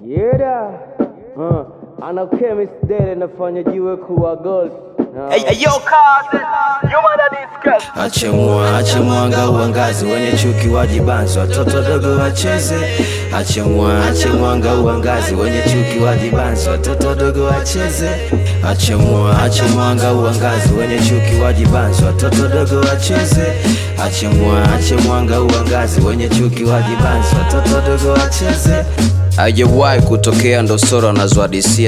Yeda. Uh, ana chemist dele nafanya jiwe kuwa gold. Ache mwa, ache mwanga uangazi, wenye chuki wajibanzi, watoto dogo wacheze. Ache mwa, ache mwanga uangazi, wenye chuki wajibanzi, watoto dogo wacheze. Ache mwa, ache mwanga uangazi, wenye chuki wajibanzi, watoto dogo wacheze. Ache mwa, ache mwanga uangazi, wenye chuki wajibanzi, watoto dogo wacheze ajewai kutokea ndo soro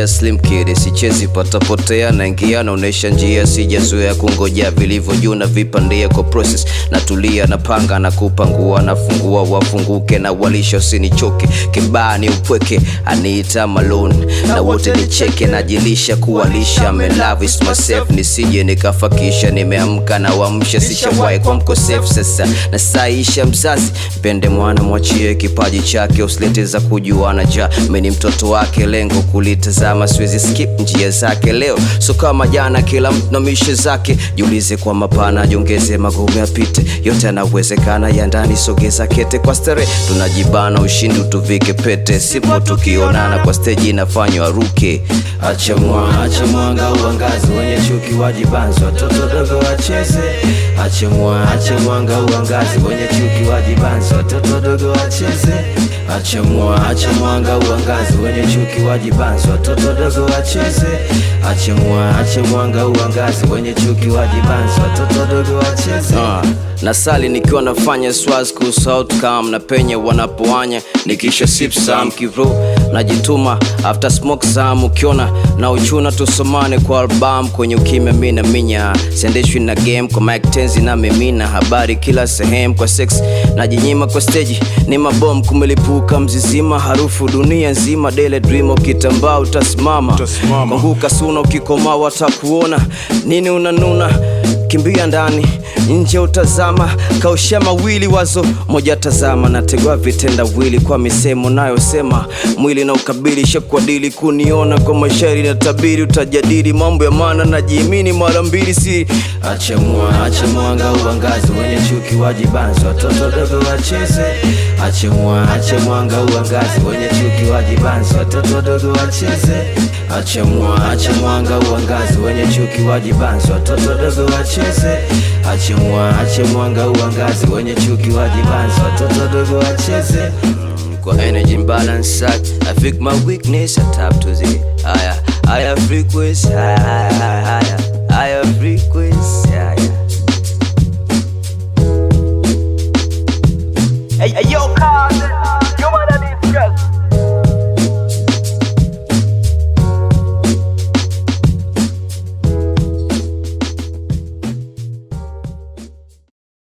Slim Kid, sichezi patapotea na ingia naonesha njia, sijazoea kungoja vilivyo juu na vipandia kwa process, natulia napanga na kupangua, nafungua wafunguke na walisha usinichoke, kibaa ni upweke aniita malon na wote nicheke, najilisha kuwalisha is myself, nisije nikafakisha nimeamka na wamsha, sichawahi kwa mkosefu sasa nasaisha mzazi, mpende mwana mwachie kipaji chake, usilete za kujuana manager, mimi ni mtoto wake, lengo kulitazama, siwezi skip njia zake. Leo so kama jana, kila mtu na mishe zake. Jiulize kwa mapana, jongeze magome, apite yote yanawezekana, ya ndani sogeza kete. Kwa stare, tunajibana, ushindi utuvike pete, sipo tukionana kwa steji inafanywa ruke. Acha mwanga, acha mwanga uangaze, wenye chuki wajibanzi, watoto dogo wacheze. Acha mwanga, acha mwanga uangaze, wenye chuki wajibanzi, watoto dogo wacheze. Acha mwa, acha mwanga uangaze, wenye chuki wajibanze, watoto wadogo wacheze. Acha mwa, acha mwanga uangaze, wenye chuki wajibanze, watoto wadogo wacheze. Ah, na sali nikiwa nafanya swazi kusahau outcome, na penye wanapoanya nikisha sip some kivru najituma after smoke sam ukiona na uchuna tusomane kwa album kwenye ukime mina minya siendeshwi na game kwa Mike Tenzi na mimina habari kila sehemu kwa sex najinyima kwa stage ni mabom kumelipuka mzizima harufu dunia nzima dele dream ukitambaa utasimama kwanguka suna ukikomaa watakuona nini unanuna kimbia ndani nje utazama, kaushia mawili wazo moja tazama, nategwa vitenda wili kwa misemo nayosema, mwili na ukabili shakuadili, kuniona kwa mashairi na tabiri, utajadili mambo ya maana, najiamini mara mbili, si acha mwa acha mwanga uangazi wenye chuki wajibanze, watoto wadogo wacheze, acha ache acha mwanga uangazi wenye chuki wajibanze, watoto wadogo wacheze, acha ache acha mwanga uangazi wenye chuki wajibanze, watoto wadogo wacheze acha Mwache mwache mwanga uangaze, wenye chuki wajibanze, watoto dogo wacheze kwa energy imbalance I fix my weakness, I tap to the higher higher frequency, higher higher higher frequency, higher. Hey, hey, yo,